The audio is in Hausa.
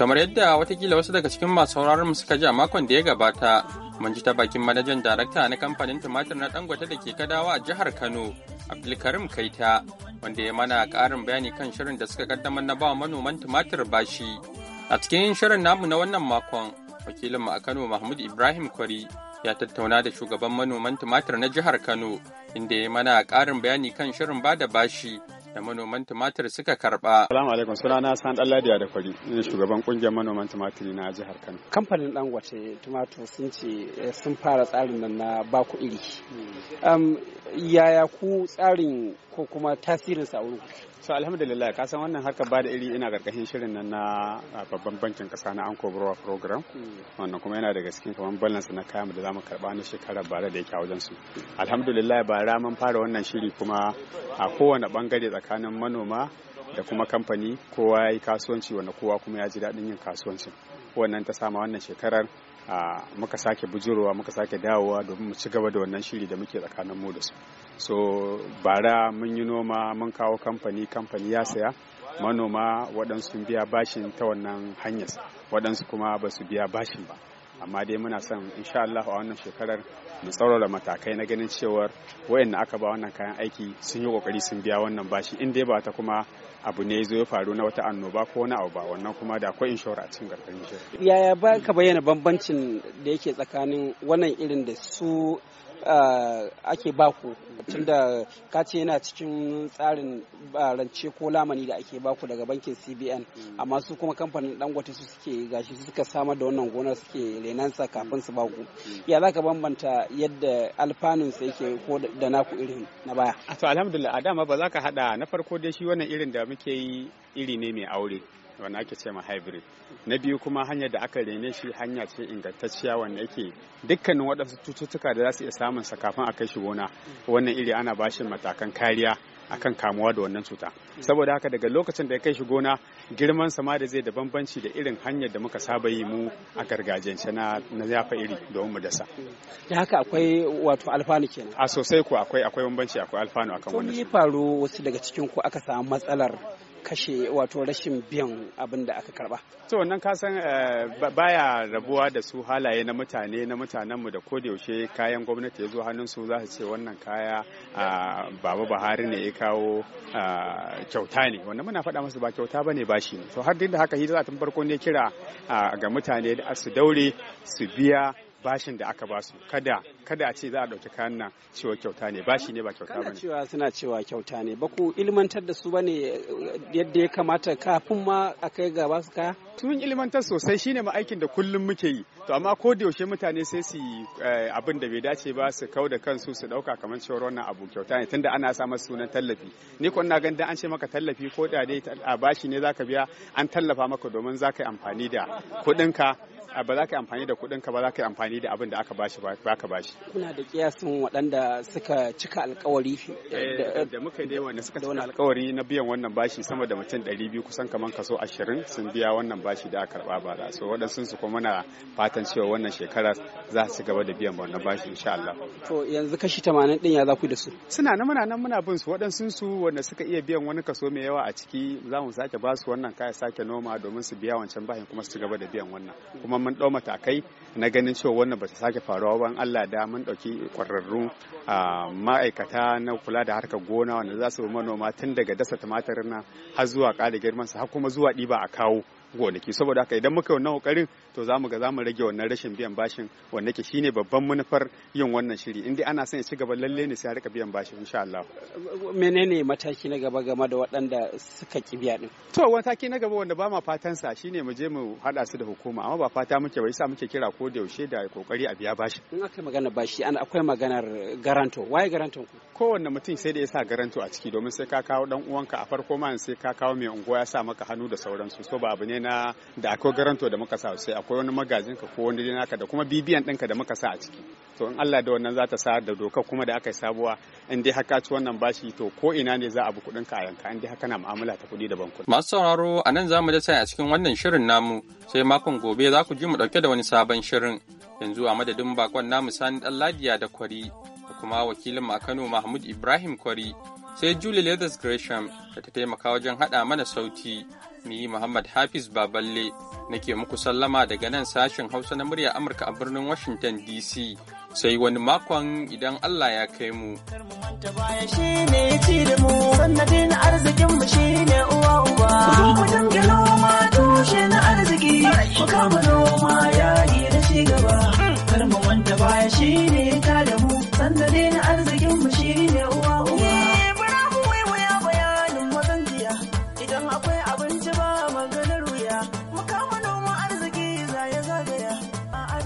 Kamar yadda watakila wasu daga cikin masu sauraron mu suka ji a makon da ya gabata, mun ji ta bakin manajan darakta na kamfanin tumatir na dangote da ke kadawa a jihar Kano, Abdulkarim Kaita, wanda ya mana karin bayani kan shirin da suka kaddamar na bawa manoman tumatir bashi. A cikin shirin namu na wannan makon, wakilin mu a Kano Mahmud Ibrahim Kwari ya tattauna da shugaban manoman tumatir na jihar Kano, inda ya mana karin bayani kan shirin ba da bashi da manoman tumatir suka karba. Salamu alaikum sunana San Ladiya da Fari ne shugaban kungiyar manoman tumatir na jihar Kano. Kamfanin Dangote tumatir sun ce eh, sun fara tsarin nan na baku iri. Hmm. yaya ku tsarin ko kuma tasirin a wurin so alhamdulillah ka san wannan harkar ba da iri ina karkashin shirin nan na babban bankin kasa na anko browa program hmm. wannan kuma yana daga cikin kamar balance na kayan da zamu karba na shekarar bara da yake a wajen su alhamdulillah ba ramin fara wannan shiri kuma a kowane bangare tsakanin manoma da kuma kamfani kowa ya yi kasuwanci wanda kowa kuma ya ji daɗin yin kasuwanci wannan ta sama wannan shekarar muka sake bujurowa muka sake dawowa domin mu ci gaba da wannan shiri da muke tsakanin mu da su so bara mun yi noma mun kawo kamfani kamfani ya saya manoma waɗansu biya bashin ta wannan hanyar waɗansu kuma ba su biya bashin ba amma dai muna son insha Allah a wannan shekarar mu tsaurara matakai na ganin cewar wayanda aka ba wannan kayan aiki sun yi kokari sun biya wannan bashi in dai ba ta kuma abu ne zo ya faru na wata annoba ko wani abu ba wannan kuma da akwai inshora a cikin gargarin yaya ba ka bayyana bambancin da yake tsakanin wannan irin da su ake baku tunda ka ce yana cikin tsarin rance ko lamani da ake baku daga bankin cbn amma su kuma kamfanin dangote su suke gashi su suka samar da wannan gonar suke renansa kafin su baku ya za ka bambanta yadda alfanunsa yake ko da naku irin na baya to alhamdulillah a dama ba za ka hada na farko dai shi wannan irin da muke yi iri ne mai aure wanda ake ce ma hybrid na biyu kuma hanyar da aka rene shi hanya ce ingantacciya wanda yake dukkanin waɗansu cututtuka da za su iya samun sa kafin a kai shi gona wannan iri ana ba shi matakan kariya akan kamuwa da wannan cuta saboda haka daga lokacin da ya kai shi gona girman sama da zai da bambanci da irin hanyar da muka saba yi mu a gargajiyance na na yafa iri domin mu dasa da haka akwai wato alfanu kenan a sosai ko akwai akwai bambanci akwai alfanu akan wannan to faru wasu daga cikin ku aka samu matsalar kashe wato rashin biyan abin da aka karba. to wannan kasan eh, baya rabuwa da su halaye na mutane na mutanenmu da yaushe kayan gwamnati ya zo hannunsu za su ce wannan kaya ah, baba buhari ne ya kawo ah, kyauta ne wannan muna faɗa masu ba kyauta ba ne bashi ne to har duk da haka hidda za ta farko ne kira ah, ga mutane da su daure su biya bashin da aka basu kada kada a ce za a ɗauki kayan nan cewa kyauta ne bashi ne ba kyauta bane cewa suna cewa kyauta ne ba ku ilmantar da su bane eh, yadda ya kamata kafin ma a kai ga basu kaya tun ilmantar sosai shine ma aikin da kullum muke yi to amma ko da yaushe mutane sai su eh, abin da bai dace ba su kau da kansu su dauka kamar cewa wannan abu kyauta ne tunda ana sa masa sunan tallafi ni ko ina ganda an ce maka tallafi ko da dai a bashi ne zaka biya an tallafa maka domin zaka yi amfani da kuɗinka ba za ka yi amfani da kuɗin ka ba za ka yi amfani da abin da aka bashi ba ka bashi kuna da kiyasin waɗanda suka cika alkawari eh, da muka dai wanda suka cika alkawari na biyan wannan bashi sama da mutum ɗari biyu kusan kamar kaso ashirin sun biya wannan bashi da aka karɓa ba da so waɗansu su kuma na fatan cewa wannan shekara za su gaba da biyan wannan bashi insha Allah to yanzu kashi tamanin ɗin ya za ku da su suna nan muna nan muna bin su waɗansu su wanda suka iya biyan wani kaso mai yawa a ciki za mu sake ba su wannan kaya sake noma domin su biya wancan bashin kuma su gaba da biyan wannan kuma mun ɗau matakai na ganin cewa wannan ba su sake faruwa ba Allah da mun ɗauki ƙwararru ma'aikata na kula da harkar gona wanda za su manoma tun daga dasa tumatir na har zuwa ƙara girman su har kuma zuwa ɗiba a kawo gonaki saboda haka idan muka wannan kokarin to zamu ga zamu rage wannan rashin biyan bashin wanda ke shine babban manufar yin wannan shiri indai ana son ya ci gaba lalle ne sai a rika biyan bashin insha Allah menene mataki na gaba game da waɗanda suka ki biya din to mataki na gaba wanda ba ma fatan sa shine mu je mu hada su da hukuma amma ba fata muke bai sa muke kira ko da yaushe da kokari a biya bashi in aka magana bashi ana akwai maganar garanto waye garanton ku kowanne mutum sai da ya sa garanto a ciki domin sai ka kawo dan uwanka a farko ma sai ka kawo mai unguwa ya sa maka hannu da sauransu so ba abu ne na da akwai garanto da muka sa sai akwai wani magajin ka ko wani naka da kuma bibiyan ɗinka da muka sa a ciki to in Allah da wannan za ta sa da doka kuma da aka yi sabuwa in dai haka ci wannan bashi to ko ina ne za a bi kuɗin ka a yanka in dai haka na mu'amala ta kuɗi da bankuna. Masu sauraro a nan za mu da a cikin wannan shirin namu sai makon gobe za ku ji mu ɗauke da wani sabon shirin yanzu a madadin bakon namu Sani ladiya da Kwari da kuma wakilin mu a Kano Mahmud Ibrahim Kwari sai Julie Leathers Gresham da ta taimaka wajen haɗa mana sauti. ni Muhammad Hafiz Baballe nake muku sallama daga nan sashen Hausa na murya Amurka a birnin Washington DC. Sai wani makon idan Allah ya kai mu. sannadin arzikin